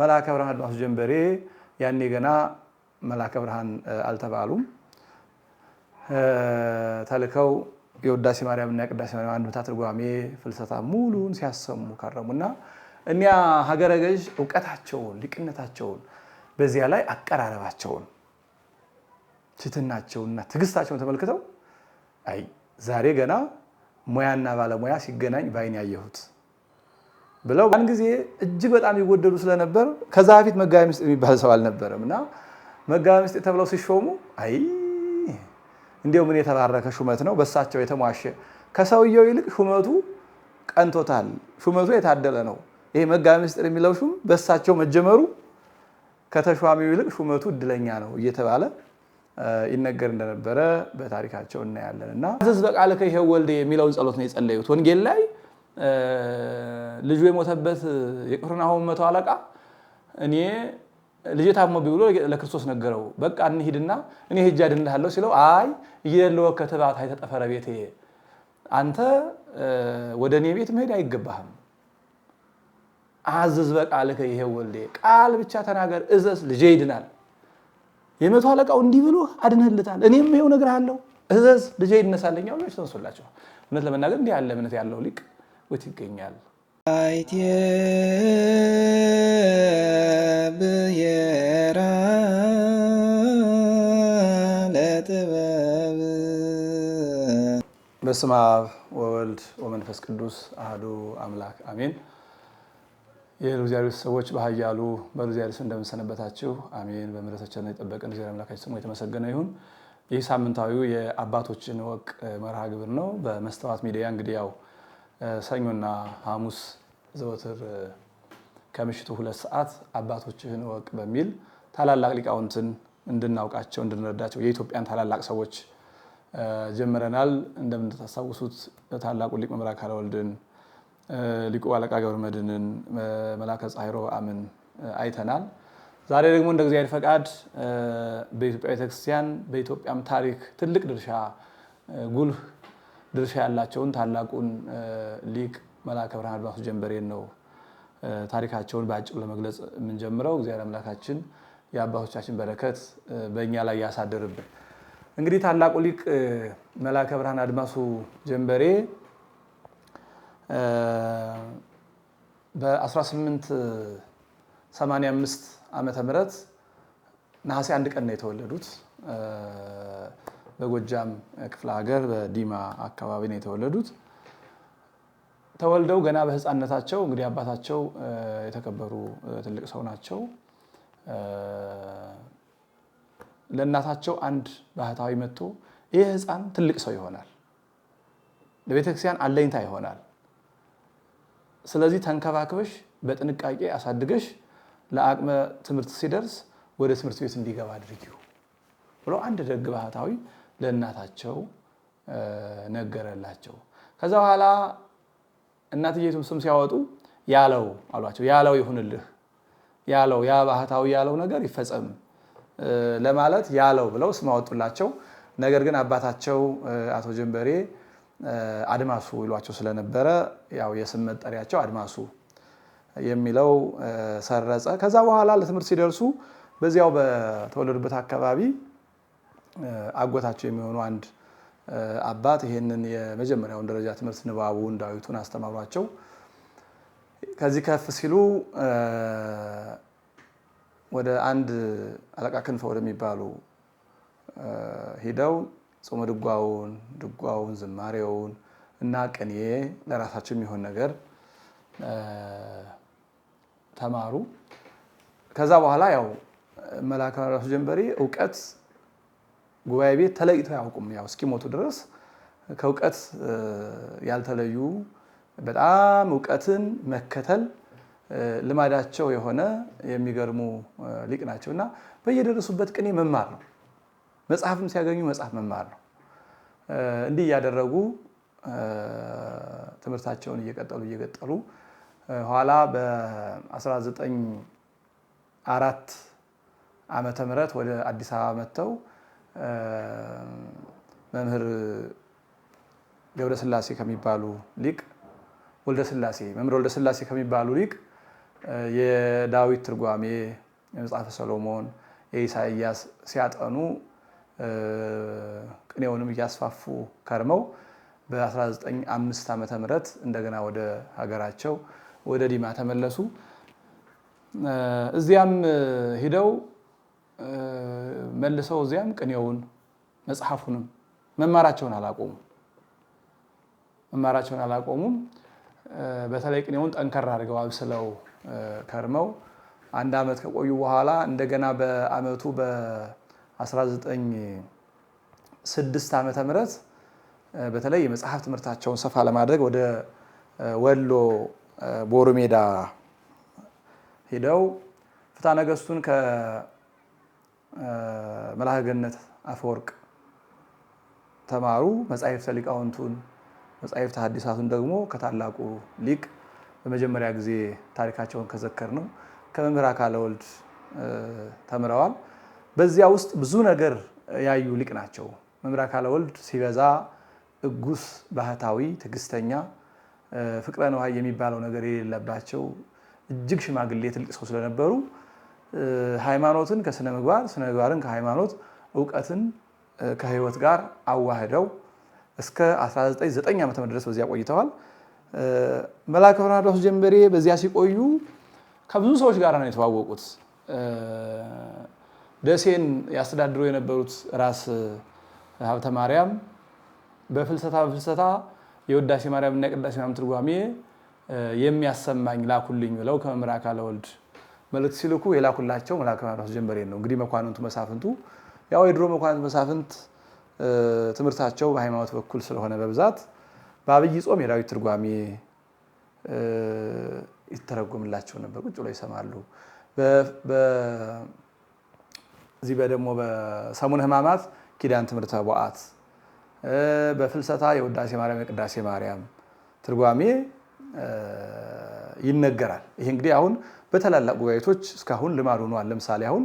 መልአከ ብርሃን አድማሱ ጀንበሬ ያኔ ገና መላከ ብርሃን አልተባሉም። ተልከው ማርያም ማርያምና የቅዳሴ ማርያም አንድምታ ትርጓሜ ፍልሰታ ሙሉን ሲያሰሙ ካረሙና እኒያ ሀገረ ገዥ እውቀታቸውን ሊቅነታቸውን በዚያ ላይ አቀራረባቸውን ትህትናቸውንና ትግስታቸውን ተመልክተው አይ ዛሬ ገና ሙያና ባለሙያ ሲገናኝ ባይን ያየሁት ብለው ያን ጊዜ እጅግ በጣም ይወደዱ ስለነበር ከዛ በፊት መጋቢ ምስጢር የሚባል ሰው አልነበረም እና መጋቢ ምስጢር ተብለው ሲሾሙ አይ እንዲያው ምን የተባረከ ሹመት ነው በሳቸው የተሟሸ ከሰውየው ይልቅ ሹመቱ ቀንቶታል ሹመቱ የታደለ ነው ይሄ መጋቢ ምስጢር የሚለው ሹም በሳቸው መጀመሩ ከተሿሚው ይልቅ ሹመቱ እድለኛ ነው እየተባለ ይነገር እንደነበረ በታሪካቸው እናያለን እና ዝዝ በቃለ ከይሄ ወልድ የሚለውን ጸሎት ነው የጸለዩት ወንጌል ላይ ልጁ የሞተበት የቅፍርናሆም መቶ አለቃ እኔ ልጄ ታሞ ብሎ ለክርስቶስ ነገረው። በቃ እንሂድና እኔ ሂጄ አድንልሃለሁ ሲለው አይ እየለወ ከተባት አይተጠፈረ ቤት አንተ ወደ እኔ ቤት መሄድ አይገባህም። አዝዝ በቃልከ ይሄ ወልዴ ቃል ብቻ ተናገር እዘዝ፣ ልጄ ይድናል። የመቶ አለቃው እንዲህ ብሎ አድንህልታል። እኔም ነገር አለው፣ እዘዝ፣ ልጄ ይድነሳለኛው ተነሱላቸው። እውነት ለመናገር እንዲህ ያለ እምነት ያለው ሊቅ ወት ይገኛል። ብሔራ በስመ አብ ወወልድ ወመንፈስ ቅዱስ አህዱ አምላክ አሜን። እግዚአብሔር ሰዎች በሀያሉ በሉዚያሪስ እንደምንሰነበታችሁ አሜን። በምሕረታቸው የጠበቀን እግዚአብሔር አምላካችን ስሙ የተመሰገነ ይሁን። ይህ ሳምንታዊ የአባቶችን ወቅ መርሃ ግብር ነው። በመስተዋት ሚዲያ እንግዲህ ያው ሰኞና ሐሙስ ዘወትር ከምሽቱ ሁለት ሰዓት አባቶችህን እወቅ በሚል ታላላቅ ሊቃውንትን እንድናውቃቸው እንድንረዳቸው የኢትዮጵያን ታላላቅ ሰዎች ጀምረናል። እንደምታስታውሱት ታላቁ ሊቅ መምህር አካለ ወልድን፣ ሊቁ አለቃ ገብረ መድኅንን፣ መላከ ፀሐይ አምን አይተናል። ዛሬ ደግሞ እንደ እግዚአብሔር ፈቃድ በኢትዮጵያ ቤተክርስቲያን በኢትዮጵያም ታሪክ ትልቅ ድርሻ ጉልህ ድርሻ ያላቸውን ታላቁን ሊቅ መልአከ ብርሃን አድማሱ ጀንበሬን ነው ታሪካቸውን በአጭሩ ለመግለጽ የምንጀምረው። እግዚአብሔር አምላካችን የአባቶቻችን በረከት በእኛ ላይ ያሳድርብን። እንግዲህ ታላቁ ሊቅ መልአከ ብርሃን አድማሱ ጀንበሬ በ1885 ዓመተ ምህረት ነሐሴ አንድ ቀን ነው የተወለዱት። በጎጃም ክፍለ ሀገር በዲማ አካባቢ ነው የተወለዱት። ተወልደው ገና በህፃንነታቸው እንግዲህ አባታቸው የተከበሩ ትልቅ ሰው ናቸው። ለእናታቸው አንድ ባህታዊ መጥቶ ይህ ህፃን ትልቅ ሰው ይሆናል፣ ለቤተክርስቲያን አለኝታ ይሆናል፣ ስለዚህ ተንከባክበሽ በጥንቃቄ አሳድገሽ ለአቅመ ትምህርት ሲደርስ ወደ ትምህርት ቤት እንዲገባ አድርጊው ብሎ አንድ ደግ ባህታዊ ለእናታቸው ነገረላቸው። ከዛ በኋላ እናትየቱ ስም ሲያወጡ ያለው አሏቸው። ያለው ይሁንልህ፣ ያለው ያ ባህታዊ ያለው ነገር ይፈጸም ለማለት ያለው ብለው ስም አወጡላቸው። ነገር ግን አባታቸው አቶ ጀንበሬ አድማሱ ይሏቸው ስለነበረ ያው የስም መጠሪያቸው አድማሱ የሚለው ሰረጸ። ከዛ በኋላ ለትምህርት ሲደርሱ በዚያው በተወለዱበት አካባቢ አጎታቸው የሚሆኑ አንድ አባት ይህንን የመጀመሪያውን ደረጃ ትምህርት ንባቡን ዳዊቱን አስተማሯቸው። ከዚህ ከፍ ሲሉ ወደ አንድ አለቃ ክንፈ ወደሚባሉ ሂደው ጾመ ድጓውን፣ ድጓውን፣ ዝማሬውን እና ቅኔ ለራሳቸው የሚሆን ነገር ተማሩ። ከዛ በኋላ ያው መላከ ራሱ ጀንበሪ እውቀት ጉባኤ ቤት ተለይተው አያውቁም። ያው እስኪሞቱ ድረስ ከእውቀት ያልተለዩ በጣም እውቀትን መከተል ልማዳቸው የሆነ የሚገርሙ ሊቅ ናቸው እና በየደረሱበት ቅኔ መማር ነው። መጽሐፍም ሲያገኙ መጽሐፍ መማር ነው። እንዲህ እያደረጉ ትምህርታቸውን እየቀጠሉ እየቀጠሉ ኋላ በ 19 አራት ዓመተ ምህረት ወደ አዲስ አበባ መጥተው መምህር ስላሴ ከሚባሉ ሊቅ ስላሴ መምህር ስላሴ ከሚባሉ ሊቅ የዳዊት ትርጓሜ የመጽሐፈ ሰሎሞን የኢሳይያስ ሲያጠኑ ቅኔውንም እያስፋፉ ከርመው በ 195 ዓ ም እንደገና ወደ ሀገራቸው ወደ ዲማ ተመለሱ። እዚያም ሂደው መልሰው እዚያም ቅኔውን መጽሐፉንም መማራቸውን አላቆሙም መማራቸውን አላቆሙም። በተለይ ቅኔውን ጠንከር አድርገው አብስለው ከርመው አንድ ዓመት ከቆዩ በኋላ እንደገና በዓመቱ በ1906 ዓመተ ምህረት በተለይ የመጽሐፍ ትምህርታቸውን ሰፋ ለማድረግ ወደ ወሎ ቦሩ ሜዳ ሄደው ፍትሐ ነገሥቱን መልአከ ገነት አፈወርቅ ተማሩ። መጻሕፍተ ሊቃውንቱን መጻሕፍተ ሐዲሳቱን ደግሞ ከታላቁ ሊቅ በመጀመሪያ ጊዜ ታሪካቸውን ከዘከር ነው ከመምህር አካለ ወልድ ተምረዋል። በዚያ ውስጥ ብዙ ነገር ያዩ ሊቅ ናቸው። መምህር አካለ ወልድ ሲበዛ እጉስ፣ ባህታዊ፣ ትዕግስተኛ፣ ፍቅረ ነዋይ የሚባለው ነገር የሌለባቸው እጅግ ሽማግሌ ትልቅ ሰው ስለነበሩ ሃይማኖትን ከስነ ምግባር፣ ስነ ምግባርን ከሃይማኖት፣ እውቀትን ከህይወት ጋር አዋህደው እስከ 199 ም ድረስ በዚያ ቆይተዋል። መላከ ፍርናዶስ ጀንበሬ በዚያ ሲቆዩ ከብዙ ሰዎች ጋር ነው የተዋወቁት። ደሴን ያስተዳድሩ የነበሩት ራስ ሀብተ ማርያም በፍልሰታ በፍልሰታ ማርያም ማርያምና የቅዳሴ ማርያም ትርጓሜ የሚያሰማኝ ላኩልኝ ብለው ከመምህር አካለ ወልድ መልእክት ሲልኩ የላኩላቸው መልአከ ማርያም ጀንበሬን ነው። እንግዲህ መኳንንቱ መሳፍንቱ ያው የድሮ መኳንንት መሳፍንት ትምህርታቸው በሃይማኖት በኩል ስለሆነ በብዛት በአብይ ጾም የዳዊት ትርጓሜ ይተረጎምላቸው ነበር። ቁጭ ብለው ይሰማሉ። እዚህ በደግሞ በሰሙነ ሕማማት ኪዳን ትምህርተ ቦአት፣ በፍልሰታ የውዳሴ ማርያም የቅዳሴ ማርያም ትርጓሜ ይነገራል። ይሄ እንግዲህ አሁን በታላላቅ ጉባኤቶች እስካሁን ልማድ ሆኗል። ለምሳሌ አሁን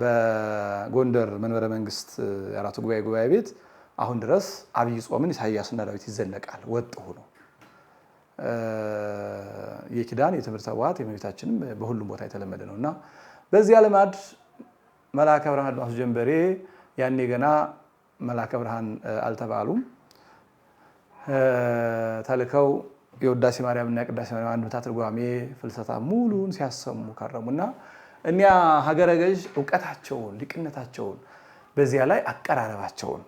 በጎንደር መንበረ መንግስት የአራቱ ጉባኤ ጉባኤ ቤት አሁን ድረስ አብይ ጾምን ኢሳያስና ዳዊት ይዘለቃል። ወጥ ሆኖ የኪዳን የትምህርት ተዋት የመቤታችንም በሁሉም ቦታ የተለመደ ነው እና በዚያ ልማድ መልአከ ብርሃን አድማሱ ጀንበሬ ያኔ ገና መልአከ ብርሃን አልተባሉም ተልከው ማርያም ማርያምና የቅዳሴ ማርያም አንድምታ ትርጓሜ ፍልሰታ ሙሉን ሲያሰሙ ከረሙና እኒያ ሀገረ ገዥ እውቀታቸውን ሊቅነታቸውን በዚያ ላይ አቀራረባቸውን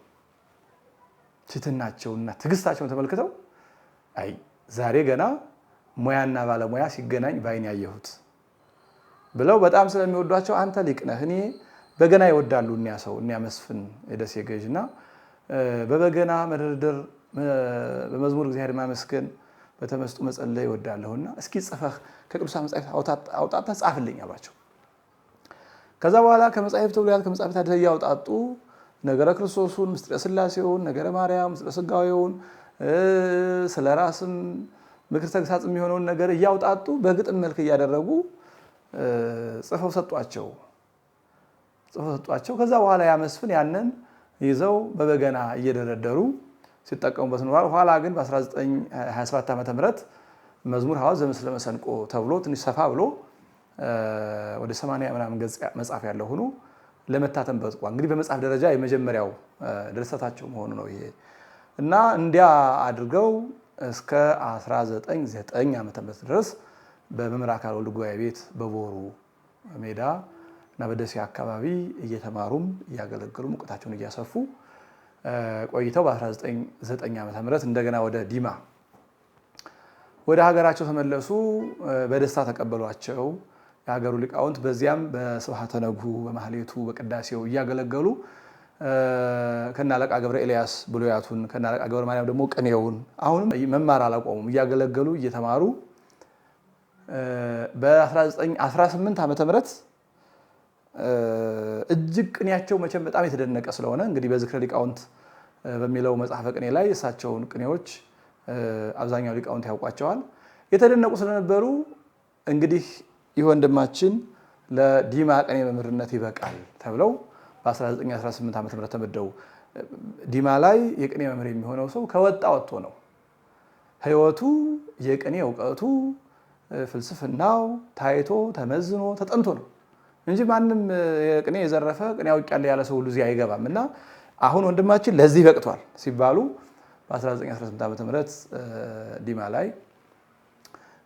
ችትናቸውንና ትግስታቸውን ተመልክተው አይ ዛሬ ገና ሙያና ባለሙያ ሲገናኝ ባይን ያየሁት ብለው በጣም ስለሚወዷቸው አንተ ሊቅ ነህ እኔ በገና ይወዳሉ እኒያ ሰው እኒያ መስፍን የደሴ ገዥ እና በበገና መደርደር በመዝሙር እግዚአብሔር ማመስገን በተመስጦ መጸለይ እወዳለሁና እስኪ ጽፈህ ከቅዱሳን መጻሕፍት አውጣጥተህ ጻፍልኝ አሏቸው። ከዛ በኋላ ከመጻሕፍት ብሉያት ከመጻሕፍት ሐዲሳት እያውጣጡ ነገረ ክርስቶሱን፣ ምስጢረ ስላሴውን፣ ነገረ ማርያም፣ ምስጢረ ሥጋዌውን ስለ ራስም ምክር ተግሳጽ የሚሆነውን ነገር እያውጣጡ በግጥም መልክ እያደረጉ ጽፈው ሰጧቸው ጽፈው ሰጧቸው። ከዛ በኋላ ያ መስፍን ያንን ይዘው በበገና እየደረደሩ ሲጠቀሙበት ኖሯል። ኋላ ግን በ1927 ዓ ም መዝሙር ሐዋዝ ዘምስለ መሰንቆ ተብሎ ትንሽ ሰፋ ብሎ ወደ 80 ምናምን ገጽ መጽሐፍ ያለው ሆኖ ለመታተም በጽቋል። እንግዲህ በመጽሐፍ ደረጃ የመጀመሪያው ድርሰታቸው መሆኑ ነው ይሄ እና እንዲያ አድርገው እስከ 1999 ዓ ምህረት ድረስ በመምህር አካል ወልድ ጉባኤ ቤት በቦሩ ሜዳ እና በደሴ አካባቢ እየተማሩም እያገለገሉም እውቀታቸውን እያሰፉ ቆይተው በ1909 ዓ ም እንደገና ወደ ዲማ ወደ ሀገራቸው ተመለሱ። በደስታ ተቀበሏቸው የሀገሩ ሊቃውንት። በዚያም በስብሐተ ነግሁ በማህሌቱ በቅዳሴው እያገለገሉ ከናለቃ ገብረ ኤልያስ ብሉያቱን ከናለቃ ገብረ ማርያም ደግሞ ቅኔውን አሁንም መማር አላቆሙም፣ እያገለገሉ እየተማሩ በ1918 ዓ ም እጅግ ቅኔያቸው መቼም በጣም የተደነቀ ስለሆነ እንግዲህ በዝክረ ሊቃውንት በሚለው መጽሐፈ ቅኔ ላይ እሳቸውን ቅኔዎች አብዛኛው ሊቃውንት ያውቋቸዋል። የተደነቁ ስለነበሩ እንግዲህ ይህ ወንድማችን ለዲማ ቅኔ መምህርነት ይበቃል ተብለው በ1918 ዓ ም ተመደቡ። ዲማ ላይ የቅኔ መምህር የሚሆነው ሰው ከወጣ ወጥቶ ነው። ህይወቱ፣ የቅኔ እውቀቱ ፍልስፍናው ታይቶ ተመዝኖ ተጠንቶ ነው። እንጂ ማንም ቅኔ የዘረፈ ቅኔ አውቄያለሁ ያለ ሰው ሁሉ እዚህ አይገባም። እና አሁን ወንድማችን ለዚህ በቅቷል ሲባሉ በ1918 ዓ ም ዲማ ላይ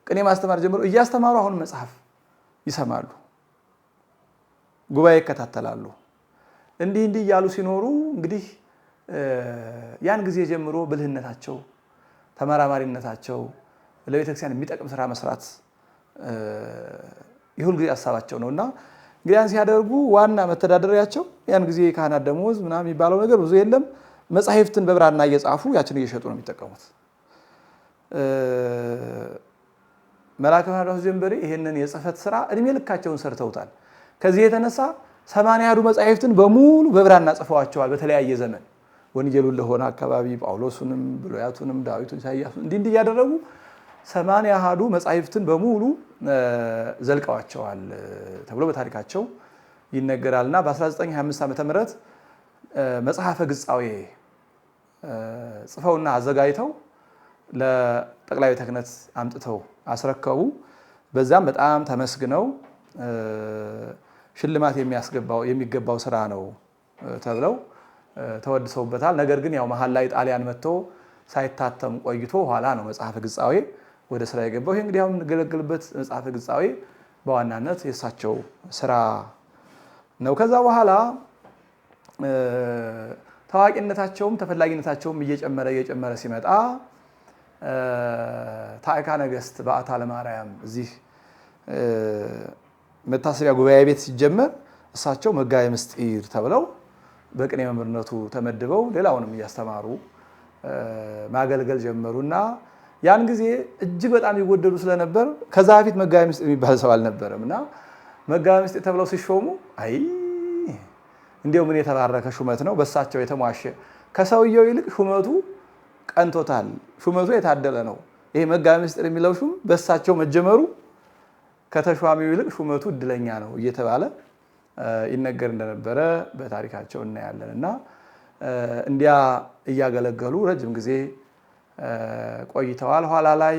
ቅኔ ማስተማር ጀምሮ እያስተማሩ አሁን መጽሐፍ ይሰማሉ፣ ጉባኤ ይከታተላሉ። እንዲህ እንዲህ እያሉ ሲኖሩ እንግዲህ ያን ጊዜ ጀምሮ ብልህነታቸው፣ ተመራማሪነታቸው ለቤተክርስቲያን የሚጠቅም ስራ መስራት ይሁል ጊዜ ሀሳባቸው እና ያን ሲያደርጉ ዋና መተዳደሪያቸው ያን ጊዜ የካህናት ደሞዝ ምናምን የሚባለው ነገር ብዙ የለም። መጻሕፍትን በብራና እየጻፉ ያችን እየሸጡ ነው የሚጠቀሙት። መላከ መርዳስ ጀንበሬ ይህንን የጽህፈት ስራ እድሜ ልካቸውን ሰርተውታል። ከዚህ የተነሳ ሰማንያ ያህሉ በሙሉ በብራና ጽፈዋቸዋል። በተለያየ ዘመን ወንጌሉን ለሆነ አካባቢ ጳውሎሱንም ብሉያቱንም ዳዊቱን ኢሳያሱን እንዲህ እንዲህ እያደረጉ ሰማንያ አሐዱ መጻሕፍትን በሙሉ ዘልቀዋቸዋል ተብሎ በታሪካቸው ይነገራል እና በ1925 ዓ ም መጽሐፈ ግጻዌ ጽፈውና አዘጋጅተው ለጠቅላይ ቤተ ክህነት አምጥተው አስረከቡ። በዛም በጣም ተመስግነው ሽልማት የሚገባው ስራ ነው ተብለው ተወድሰውበታል። ነገር ግን ያው መሀል ላይ ጣሊያን መጥቶ ሳይታተም ቆይቶ ኋላ ነው መጽሐፈ ግጻዌ ወደ ስራ የገባው። ይህ እንግዲህ አሁን የምንገለገልበት መጽሐፈ ግጻዊ በዋናነት የእሳቸው ስራ ነው። ከዛ በኋላ ታዋቂነታቸውም ተፈላጊነታቸውም እየጨመረ እየጨመረ ሲመጣ ታዕካ ነገስት በአታ ለማርያም እዚህ መታሰቢያ ጉባኤ ቤት ሲጀመር እሳቸው መጋቤ ምስጢር ተብለው በቅኔ መምህርነቱ ተመድበው ሌላውንም እያስተማሩ ማገልገል ጀመሩና ያን ጊዜ እጅግ በጣም ይወደዱ ስለነበር ከዛ በፊት መጋቢ ምስጢር የሚባል ሰው አልነበረም እና መጋቢ ምስጢር ተብለው ሲሾሙ አይ እንዲያው ምን የተባረከ ሹመት ነው በሳቸው የተሟሸ ከሰውየው ይልቅ ሹመቱ ቀንቶታል ሹመቱ የታደለ ነው ይሄ መጋቢ ምስጢር የሚለው ሹም በሳቸው መጀመሩ ከተሿሚው ይልቅ ሹመቱ እድለኛ ነው እየተባለ ይነገር እንደነበረ በታሪካቸው እናያለን እና እንዲያ እያገለገሉ ረጅም ጊዜ ቆይተዋል። ኋላ ላይ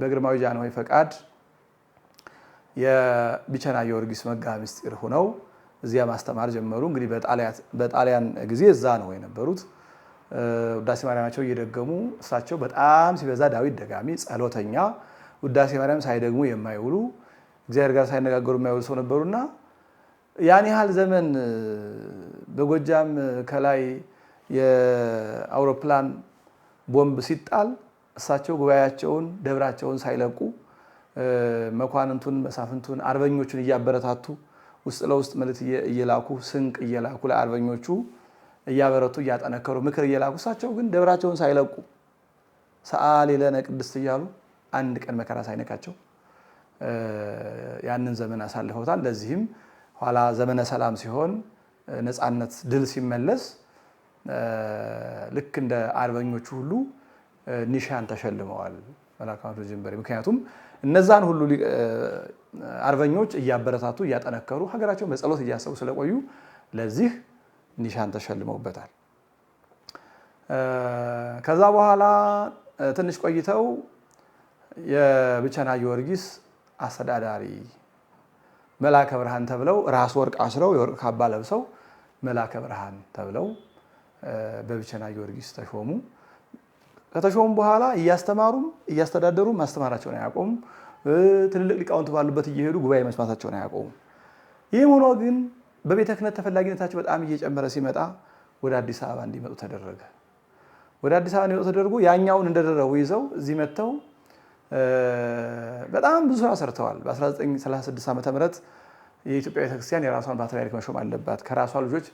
በግርማዊ ጃንሆይ ፈቃድ የቢቸና ጊዮርጊስ መጋቢ ምስጢር ሁነው እዚያ ማስተማር ጀመሩ። እንግዲህ በጣሊያን ጊዜ እዛ ነው የነበሩት። ውዳሴ ማርያማቸው እየደገሙ እሳቸው በጣም ሲበዛ ዳዊት ደጋሚ፣ ጸሎተኛ፣ ውዳሴ ማርያም ሳይደግሙ የማይውሉ እግዚአብሔር ጋር ሳይነጋገሩ የማይውሉ ሰው ነበሩና ያን ያህል ዘመን በጎጃም ከላይ የአውሮፕላን ቦምብ ሲጣል እሳቸው ጉባኤያቸውን ደብራቸውን ሳይለቁ መኳንንቱን፣ መሳፍንቱን፣ አርበኞቹን እያበረታቱ ውስጥ ለውስጥ መልእክት እየላኩ ስንቅ እየላኩ ለአርበኞቹ እያበረቱ እያጠነከሩ ምክር እየላኩ እሳቸው ግን ደብራቸውን ሳይለቁ ሰአሊ ለነ ቅድስት እያሉ አንድ ቀን መከራ ሳይነካቸው ያንን ዘመን አሳልፈውታል። ለዚህም ኋላ ዘመነ ሰላም ሲሆን ነፃነት ድል ሲመለስ ልክ እንደ አርበኞቹ ሁሉ ኒሻን ተሸልመዋል መላካቱ ጀንበሬ። ምክንያቱም እነዛን ሁሉ አርበኞች እያበረታቱ እያጠነከሩ ሀገራቸውን በጸሎት እያሰቡ ስለቆዩ ለዚህ ኒሻን ተሸልመውበታል። ከዛ በኋላ ትንሽ ቆይተው የብቸና ጊዮርጊስ አስተዳዳሪ መላከ ብርሃን ተብለው ራስ ወርቅ አስረው የወርቅ ካባ ለብሰው መላከ ብርሃን ተብለው በብቸና ጊዮርጊስ ተሾሙ። ከተሾሙ በኋላ እያስተማሩም እያስተዳደሩም ማስተማራቸውን አያቆሙም። ትልልቅ ሊቃውንት ባሉበት እየሄዱ ጉባኤ መስማታቸውን አያቆሙም። ይህም ሆኖ ግን በቤተ ክህነት ተፈላጊነታቸው በጣም እየጨመረ ሲመጣ ወደ አዲስ አበባ እንዲመጡ ተደረገ። ወደ አዲስ አበባ እንዲመጡ ተደርጎ ያኛውን እንደደረቡ ይዘው እዚህ መጥተው በጣም ብዙ ስራ ሰርተዋል። በ1936 ዓ ም የኢትዮጵያ ቤተክርስቲያን የራሷን ፓትርያርክ መሾም አለባት። ከራሷ ልጆች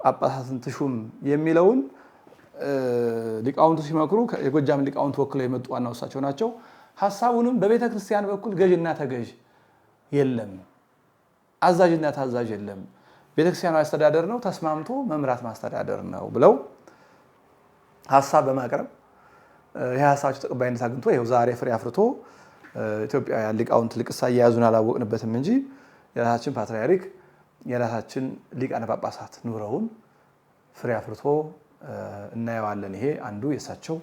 ጳጳሳትን ትሹም የሚለውን ሊቃውንቱ ሲመክሩ የጎጃም ሊቃውንት ወክለው የመጡ ዋና ውሳቸው ናቸው። ሀሳቡንም በቤተ ክርስቲያን በኩል ገዥና ተገዥ የለም፣ አዛዥና ታዛዥ የለም። ቤተክርስቲያኑ አስተዳደር ነው፣ ተስማምቶ መምራት ማስተዳደር ነው ብለው ሀሳብ በማቅረብ ይህ ሀሳባቸው ተቀባይነት አግኝቶ ይኸው ዛሬ ፍሬ አፍርቶ ኢትዮጵያውያን ሊቃውንት ልቅሳ እየያዙን አላወቅንበትም እንጂ የራሳችን ፓትርያርክ የራሳችን ሊቃነ ጳጳሳት ኑረውን ፍሬ አፍርቶ እናየዋለን። ይሄ አንዱ የእሳቸው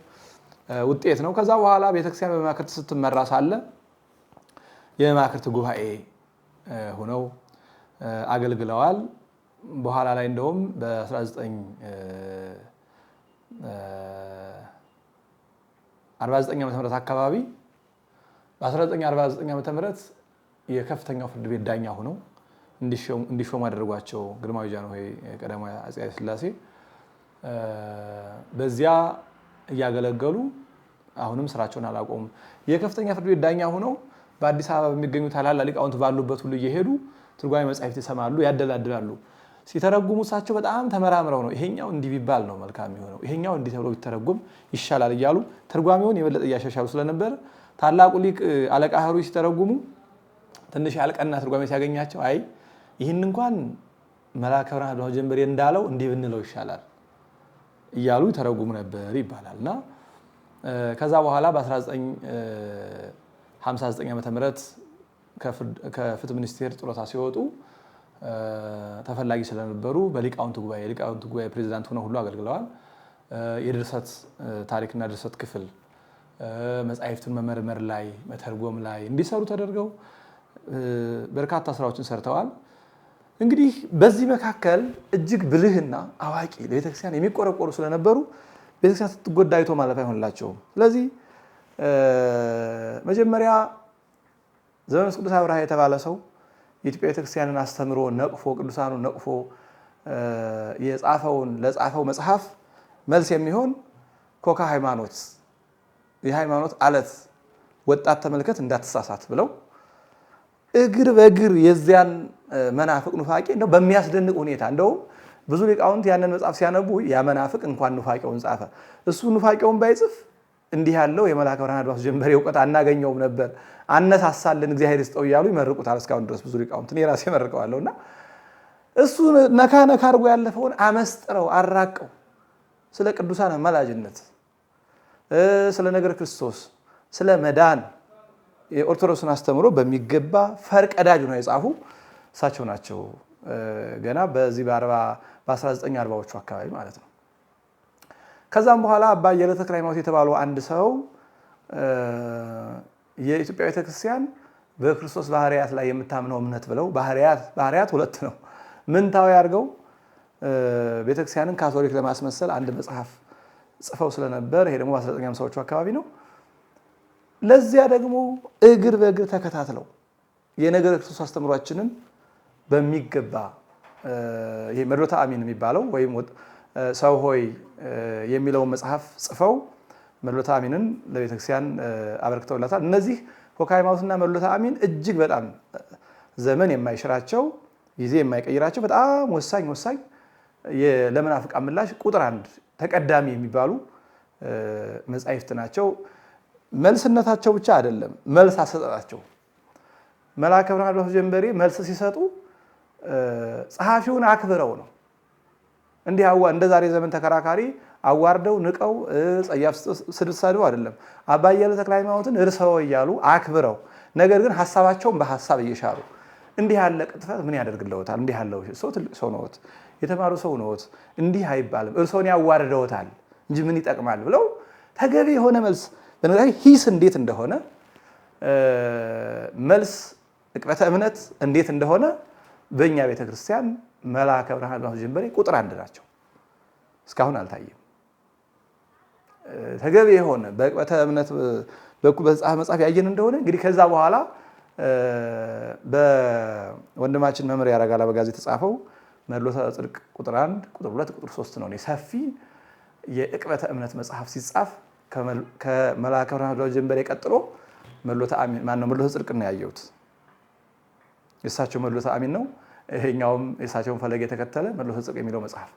ውጤት ነው። ከዛ በኋላ ቤተክርስቲያን በመማክርት ስትመራ ሳለ የመማክርት ጉባኤ ሆነው አገልግለዋል። በኋላ ላይ እንደውም በ ዓ ም አካባቢ በ1949 ዓ.ም የከፍተኛው ፍርድ ቤት ዳኛ ሆነው እንዲሾም አደረጓቸው ግርማዊ ጃንሆይ ቀዳማዊ አፄ ኃይለ ሥላሴ። በዚያ እያገለገሉ አሁንም ስራቸውን አላቆሙም። የከፍተኛ ፍርድ ቤት ዳኛ ሆነው በአዲስ አበባ በሚገኙ ታላላቅ ሊቃውንት ባሉበት ሁሉ እየሄዱ ትርጓሜ መጻሕፍት ይሰማሉ፣ ያደላድላሉ። ሲተረጉሙ እሳቸው በጣም ተመራምረው ነው ይሄኛው እንዲህ ቢባል ነው መልካም የሆነው ይሄኛው እንዲህ ተብሎ ቢተረጉም ይሻላል እያሉ ትርጓሜውን የበለጠ እያሻሻሉ ስለነበር ታላቁ ሊቅ አለቃ ኅሩይ ሲተረጉሙ ትንሽ ያልቀና ትርጓሜ ሲያገኛቸው አይ ይህን እንኳን መልአከ ብርሃን አድዋ ጀንበሬ እንዳለው እንዲህ ብንለው ይሻላል እያሉ ይተረጉሙ ነበር ይባላል እና ከዛ በኋላ በ1959 ዓ ም ከፍትህ ሚኒስቴር ጥሎታ ሲወጡ ተፈላጊ ስለነበሩ በሊቃውንት ጉባኤ ሊቃውንት ጉባኤ ፕሬዚዳንት ሆነው ሁሉ አገልግለዋል። የድርሰት ታሪክና ድርሰት ክፍል መጻሕፍትን መመርመር ላይ መተርጎም ላይ እንዲሰሩ ተደርገው በርካታ ስራዎችን ሰርተዋል። እንግዲህ በዚህ መካከል እጅግ ብልህና አዋቂ ለቤተክርስቲያን የሚቆረቆሩ ስለነበሩ ቤተክርስቲያን ስትጎዳ አይቶ ማለፍ አይሆንላቸውም። ስለዚህ መጀመሪያ ዘመንፈስ ቅዱስ አብርሃ የተባለ ሰው የኢትዮጵያ ቤተክርስቲያንን አስተምሮ ነቅፎ ቅዱሳኑ ነቅፎ የጻፈውን ለጻፈው መጽሐፍ መልስ የሚሆን ኮካ ሃይማኖት የሃይማኖት አለት ወጣት ተመልከት እንዳትሳሳት ብለው እግር በእግር የዚያን መናፍቅ ኑፋቄ እንደው በሚያስደንቅ ሁኔታ እንደውም ብዙ ሊቃውንት ያንን መጽሐፍ ሲያነቡ ያ መናፍቅ እንኳን ኑፋቄውን ጻፈ እሱ ኑፋቄውን ባይጽፍ እንዲህ ያለው የመልአከ ብርሃን አድማሱ ጀንበሬ እውቀት አናገኘውም ነበር፣ አነሳሳልን እግዚአብሔር ይስጠው እያሉ ይመርቁታል። እስካሁን ድረስ ብዙ ሊቃውንት እኔ ራሴ መርቀዋለሁ። እና እሱ ነካ ነካ አድርጎ ያለፈውን አመስጥረው አራቀው ስለ ቅዱሳን አማላጅነት፣ ስለ ነገር ክርስቶስ፣ ስለ መዳን የኦርቶዶክስን አስተምሮ በሚገባ ፈርቀዳጅ ነው የጻፉ እሳቸው ናቸው ገና በዚህ በ1940ዎቹ አካባቢ ማለት ነው። ከዛም በኋላ አባ የለ ተክለ ሃይማኖት የተባሉ አንድ ሰው የኢትዮጵያ ቤተክርስቲያን በክርስቶስ ባህርያት ላይ የምታምነው እምነት ብለው ባህርያት ሁለት ነው ምንታዊ አድርገው ቤተክርስቲያንን ካቶሊክ ለማስመሰል አንድ መጽሐፍ ጽፈው ስለነበር ይሄ ደግሞ በ 1950 ዎቹ አካባቢ ነው። ለዚያ ደግሞ እግር በእግር ተከታትለው የነገረ ክርስቶስ አስተምሯችንን በሚገባ ይሄ መዶተ አሚን የሚባለው ወይም ሰው ሆይ የሚለውን መጽሐፍ ጽፈው መዶተ አሚንን ለቤተክርስቲያን አበርክተውላታል። እነዚህ ኆኅበ ሃይማኖትና መዶተ አሚን እጅግ በጣም ዘመን የማይሽራቸው ጊዜ የማይቀይራቸው በጣም ወሳኝ ወሳኝ ለመናፍቃን ምላሽ ቁጥር አንድ ተቀዳሚ የሚባሉ መጻሕፍት ናቸው። መልስነታቸው ብቻ አይደለም፣ መልስ አሰጠጣቸው መላከ ብርሃን ጀንበሬ መልስ ሲሰጡ ጸሐፊውን አክብረው ነው እንዲህ አዋ እንደ ዛሬ ዘመን ተከራካሪ አዋርደው ንቀው ጸያፍ ስድብ ሰድበው አይደለም። አባ እያሉ ተክለ ሃይማኖትን እርሰው እያሉ አክብረው፣ ነገር ግን ሀሳባቸውን በሀሳብ እየሻሩ እንዲህ ያለ ቅጥፈት ምን ያደርግለውታል? እንዲህ ያለው ሰው ትልቅ ሰው ነዎት፣ የተማሩ ሰው ነዎት፣ እንዲህ አይባልም፣ እርሰውን ያዋርደውታል እንጂ ምን ይጠቅማል ብለው ተገቢ የሆነ መልስ በነገር ሂስ እንዴት እንደሆነ መልስ እቅበተ እምነት እንዴት እንደሆነ በእኛ ቤተ ክርስቲያን መልአከ ብርሃን ራሱ ጀንበሬ ቁጥር አንድ ናቸው። እስካሁን አልታየም። ተገቢ የሆነ በቅበተ እምነት በኩል በተጻፈ መጽሐፍ ያየን እንደሆነ እንግዲህ ከዛ በኋላ በወንድማችን መምህር ያረጋል አበጋዝ የተጻፈው መድሎተ ጽድቅ ቁጥር አንድ ቁጥር ሁለት ቁጥር ሶስት ነው። ሰፊ የእቅበተ እምነት መጽሐፍ ሲጻፍ ከመልአከ ብርሃን ጀንበሬ ቀጥሎ መድሎተ ጽድቅ ነው ያየሁት። የእሳቸው መድሎተ አሚን ነው። ይሄኛውም የእሳቸውን ፈለግ የተከተለ መድሎተ ጽድቅ የሚለው መጽሐፍ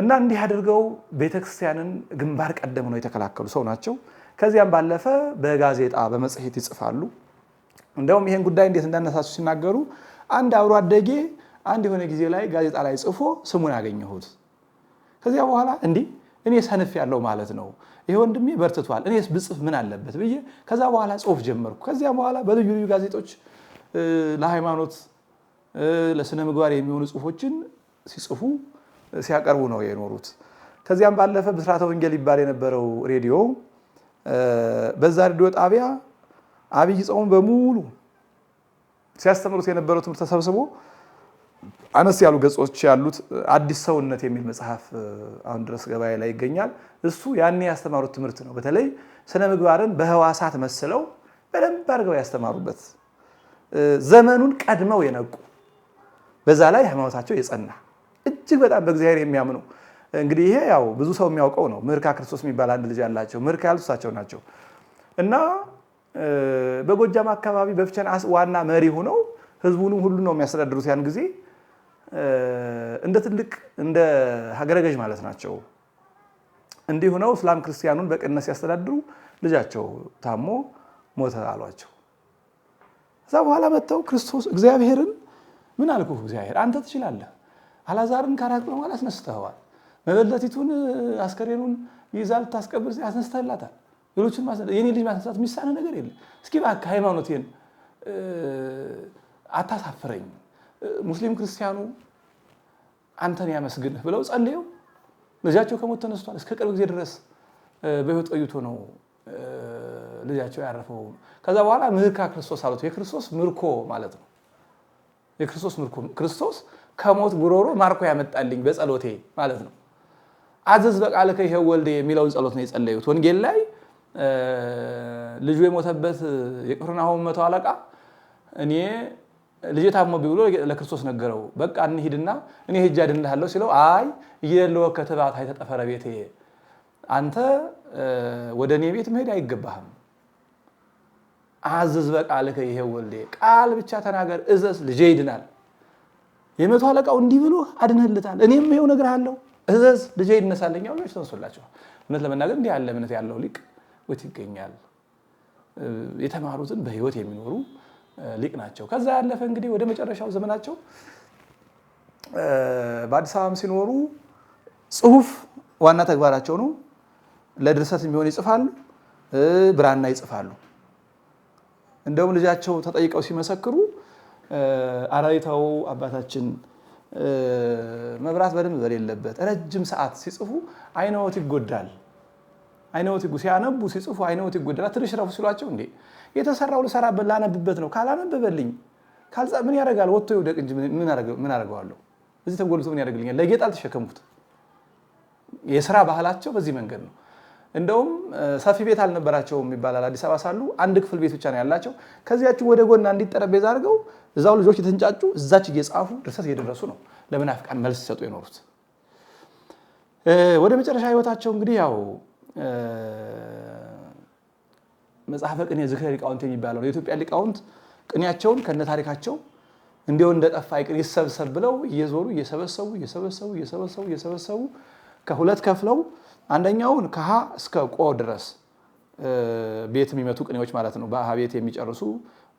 እና እንዲህ አድርገው ቤተክርስቲያንን ግንባር ቀደም ነው የተከላከሉ ሰው ናቸው። ከዚያም ባለፈ በጋዜጣ በመጽሔት ይጽፋሉ። እንደውም ይሄን ጉዳይ እንዴት እንዳነሳሱ ሲናገሩ አንድ አብሮ አደጌ አንድ የሆነ ጊዜ ላይ ጋዜጣ ላይ ጽፎ ስሙን ያገኘሁት። ከዚያ በኋላ እንዲህ እኔ ሰንፍ ያለው ማለት ነው ይሄ ወንድሜ በርትቷል፣ እኔስ ብጽፍ ምን አለበት ብዬ ከዛ በኋላ ጽሁፍ ጀመርኩ። ከዚያ በኋላ በልዩ ልዩ ጋዜጦች ለሃይማኖት ለስነ ምግባር የሚሆኑ ጽሁፎችን ሲጽፉ ሲያቀርቡ ነው የኖሩት። ከዚያም ባለፈ ብስራተ ወንጌል ይባል የነበረው ሬዲዮ በዛ ሬዲዮ ጣቢያ አብይ ጾሙን በሙሉ ሲያስተምሩት የነበረው ትምህርት ተሰብስቦ አነስ ያሉ ገጾች ያሉት አዲስ ሰውነት የሚል መጽሐፍ አሁን ድረስ ገበያ ላይ ይገኛል። እሱ ያኔ ያስተማሩት ትምህርት ነው። በተለይ ስነ ምግባርን በህዋሳት መስለው በደንብ አድርገው ያስተማሩበት ዘመኑን ቀድመው የነቁ በዛ ላይ ሃይማኖታቸው የጸና እጅግ በጣም በእግዚአብሔር የሚያምኑ እንግዲህ ይሄ ያው ብዙ ሰው የሚያውቀው ነው። ምርካ ክርስቶስ የሚባል አንድ ልጅ ያላቸው ምርካ ያሉት እሳቸው ናቸው እና በጎጃም አካባቢ በፍቸን ዋና መሪ ሆነው ህዝቡንም ሁሉ ነው የሚያስተዳድሩት። ያን ጊዜ እንደ ትልቅ እንደ ሀገረገዥ ማለት ናቸው። እንዲህ ሆነው እስላም ክርስቲያኑን በቅንነት ሲያስተዳድሩ ልጃቸው ታሞ ሞተ አሏቸው። ከዛ በኋላ መጥተው ክርስቶስ እግዚአብሔርን ምን አልኩ እግዚአብሔር አንተ ትችላለህ፣ አላዛርን ካራቅመ በኋላ አስነስተኸዋል። መበለቲቱን አስከሬኑን ይዛ ልታስቀብር አስነስተህላታል። ሌሎችን የኔ ልጅ ማስነሳት የሚሳነ ነገር የለ። እስኪ እባክህ ሃይማኖቴን አታሳፍረኝ፣ ሙስሊም ክርስቲያኑ አንተን ያመስግንህ ብለው ጸልየው ልጃቸው ከሞት ተነስቷል። እስከ ቅርብ ጊዜ ድረስ በህይወት ቆይቶ ነው ልጃቸው ያረፈው። ከዛ በኋላ ምርካ ክርስቶስ አሉት። የክርስቶስ ምርኮ ማለት ነው። የክርስቶስ ምርኮ ክርስቶስ ከሞት ጉሮሮ ማርኮ ያመጣልኝ በጸሎቴ ማለት ነው። አዘዝ በቃለ ይሄ ወልድ የሚለውን ጸሎት ነው የጸለዩት። ወንጌል ላይ ልጁ የሞተበት የቅፍርናሆም መቶ አለቃ እኔ ልጅ ታሞ ብሎ ለክርስቶስ ነገረው። በቃ እንሂድና እኔ ሄጄ አድንልሃለሁ ሲለው አይ እየለወከ ትባት አይተጠፈረ ቤቴ አንተ ወደ እኔ ቤት መሄድ አይገባህም አዝዝ በቃልከ ወልዴ ቃል ብቻ ተናገር እዘዝ ልጄ ይድናል። የመቶ አለቃው እንዲህ ብሎ አድንህልታል። እኔም ይሄው እነግርሃለሁ እዘዝ ልጄ ይድነሳለኝ አውጆች ተነሶላቸው። እውነት ለመናገር እንዲህ ያለ እምነት ያለው ሊቅ ወት ይገኛል። የተማሩትን በህይወት የሚኖሩ ሊቅ ናቸው። ከዛ ያለፈ እንግዲህ ወደ መጨረሻው ዘመናቸው በአዲስ አበባም ሲኖሩ ጽሁፍ ዋና ተግባራቸው ነው። ለድርሰት የሚሆን ይጽፋሉ፣ ብራና ይጽፋሉ። እንደውም ልጃቸው ተጠይቀው ሲመሰክሩ አራዊታው አባታችን መብራት በደንብ በሌለበት ረጅም ሰዓት ሲጽፉ አይነወት ይጎዳል። አይነወት ሲያነቡ ሲጽፉ አይነወት ይጎዳል። ትንሽ ረፉ ሲሏቸው እንዴ የተሰራው ልሰራበት ላነብበት ነው ካላነበበልኝ ምን ያደርጋል? ወጥቶ ይውደቅ እንጂ ምን አደርገዋለሁ? እዚህ ተጎልቶ ምን ያደርግልኛል? ለጌጥ አልተሸከምኩት። የስራ ባህላቸው በዚህ መንገድ ነው። እንደውም ሰፊ ቤት አልነበራቸውም ይባላል። አዲስ አበባ ሳሉ አንድ ክፍል ቤት ብቻ ነው ያላቸው። ከዚያች ወደ ጎና እንዲት ጠረጴዛ አድርገው እዛው ልጆች የተንጫጩ እዛች እየጻፉ ድርሰት እየደረሱ ነው ለመናፍቃን መልስ ሲሰጡ የኖሩት። ወደ መጨረሻ ህይወታቸው እንግዲህ ያው መጽሐፈ ቅኔ ዝክረ ሊቃውንት የሚባለው ነው። የኢትዮጵያ ሊቃውንት ቅኔያቸውን ከነ ታሪካቸው እንዲሁ እንደ ጠፋ ይቅር ይሰብሰብ ብለው እየዞሩ እየሰበሰቡ እየሰበሰቡ እየሰበሰቡ እየሰበሰቡ ከሁለት ከፍለው አንደኛውን ከሀ እስከ ቆ ድረስ ቤት የሚመቱ ቅኔዎች ማለት ነው። በሀ ቤት የሚጨርሱ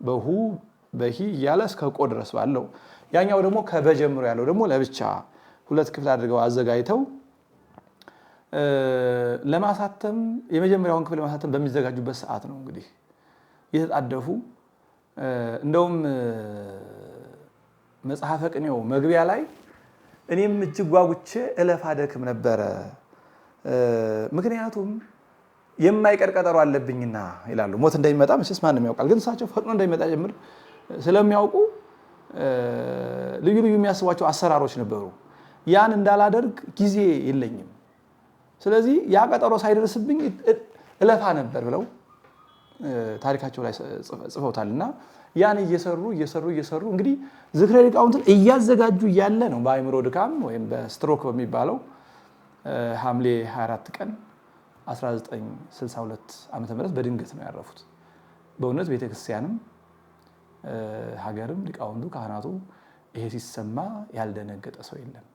በሁ በሂ እያለ እስከ ቆ ድረስ ባለው፣ ያኛው ደግሞ ከበጀምሮ ያለው ደግሞ ለብቻ ሁለት ክፍል አድርገው አዘጋጅተው ለማሳተም የመጀመሪያውን ክፍል ለማሳተም በሚዘጋጁበት ሰዓት ነው እንግዲህ የተጣደፉ እንደውም መጽሐፈ ቅኔው መግቢያ ላይ እኔም እጅግ ጓጉቼ እለፍ አደክም ነበረ ምክንያቱም የማይቀር ቀጠሮ አለብኝና ይላሉ። ሞት እንደሚመጣ መቼስ ማንም ያውቃል፣ ግን እሳቸው ፈጥኖ እንደሚመጣ ጭምር ስለሚያውቁ ልዩ ልዩ የሚያስቧቸው አሰራሮች ነበሩ። ያን እንዳላደርግ ጊዜ የለኝም፣ ስለዚህ ያ ቀጠሮ ሳይደርስብኝ እለፋ ነበር ብለው ታሪካቸው ላይ ጽፈውታል። እና ያን እየሰሩ እየሰሩ እየሰሩ እንግዲህ ዝክረ ሊቃውንትን እያዘጋጁ እያለ ነው በአይምሮ ድካም ወይም በስትሮክ በሚባለው ሐምሌ 24 ቀን 1962 ዓ ም በድንገት ነው ያረፉት። በእውነት ቤተክርስቲያንም ሀገርም ሊቃውንቱ ካህናቱ ይሄ ሲሰማ ያልደነገጠ ሰው የለም፣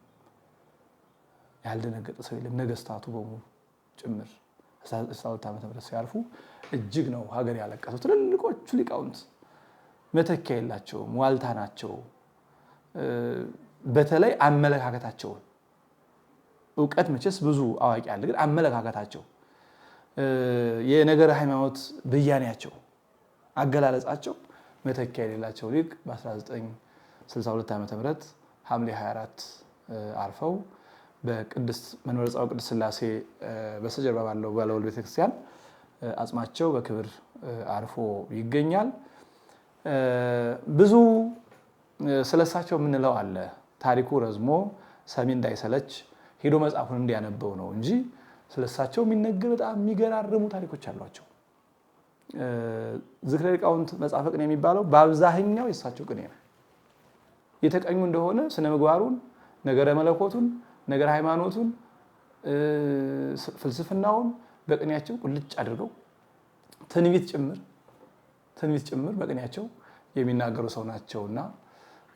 ያልደነገጠ ሰው የለም። ነገስታቱ በሙሉ ጭምር 12 ዓ ም ሲያርፉ እጅግ ነው ሀገር ያለቀሰው። ትልልቆቹ ሊቃውንት መተኪያ የላቸውም፣ ዋልታ ናቸው። በተለይ አመለካከታቸውን እውቀት መቼስ ብዙ አዋቂ አለ፣ ግን አመለካከታቸው፣ የነገር ሃይማኖት ብያኔያቸው፣ አገላለጻቸው መተኪያ የሌላቸው ሊቅ በ1962 ዓ ም ሐምሌ 24 አርፈው በቅድስት መንበረ ጸባዖት ቅድስት ሥላሴ በስተጀርባ ባለው ባለወልድ ቤተክርስቲያን አጽማቸው በክብር አርፎ ይገኛል። ብዙ ስለሳቸው የምንለው አለ። ታሪኩ ረዝሞ ሰሚ እንዳይሰለች ሄዶ መጽሐፉን እንዲያነበው ነው እንጂ ስለሳቸው የሚነገር በጣም የሚገራርሙ ታሪኮች አሏቸው። ዝክረ ሊቃውንት መጽሐፈ ቅኔ የሚባለው በአብዛኛው የእሳቸው ቅኔ ነው። የተቀኙ እንደሆነ ስነ ምግባሩን፣ ነገረ መለኮቱን፣ ነገረ ሃይማኖቱን፣ ፍልስፍናውን በቅኔያቸው ቁልጭ አድርገው ትንቢት ጭምር ትንቢት ጭምር በቅኔያቸው የሚናገሩ ሰው እና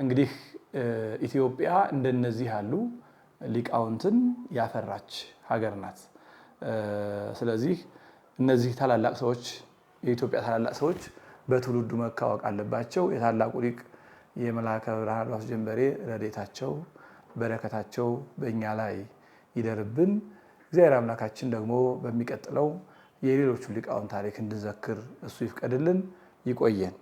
እንግዲህ ኢትዮጵያ እንደነዚህ አሉ ሊቃውንትን ያፈራች ሀገር ናት። ስለዚህ እነዚህ ታላላቅ ሰዎች የኢትዮጵያ ታላላቅ ሰዎች በትውልዱ መካወቅ አለባቸው። የታላቁ ሊቅ የመልአከ ብርሃን አድማሱ ጀንበሬ ረዴታቸው በረከታቸው በእኛ ላይ ይደርብን። እግዚአብሔር አምላካችን ደግሞ በሚቀጥለው የሌሎቹ ሊቃውን ታሪክ እንድንዘክር እሱ ይፍቀድልን። ይቆየን።